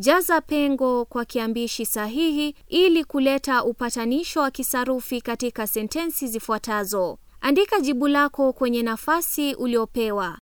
Jaza pengo kwa kiambishi sahihi ili kuleta upatanisho wa kisarufi katika sentensi zifuatazo. Andika jibu lako kwenye nafasi uliopewa.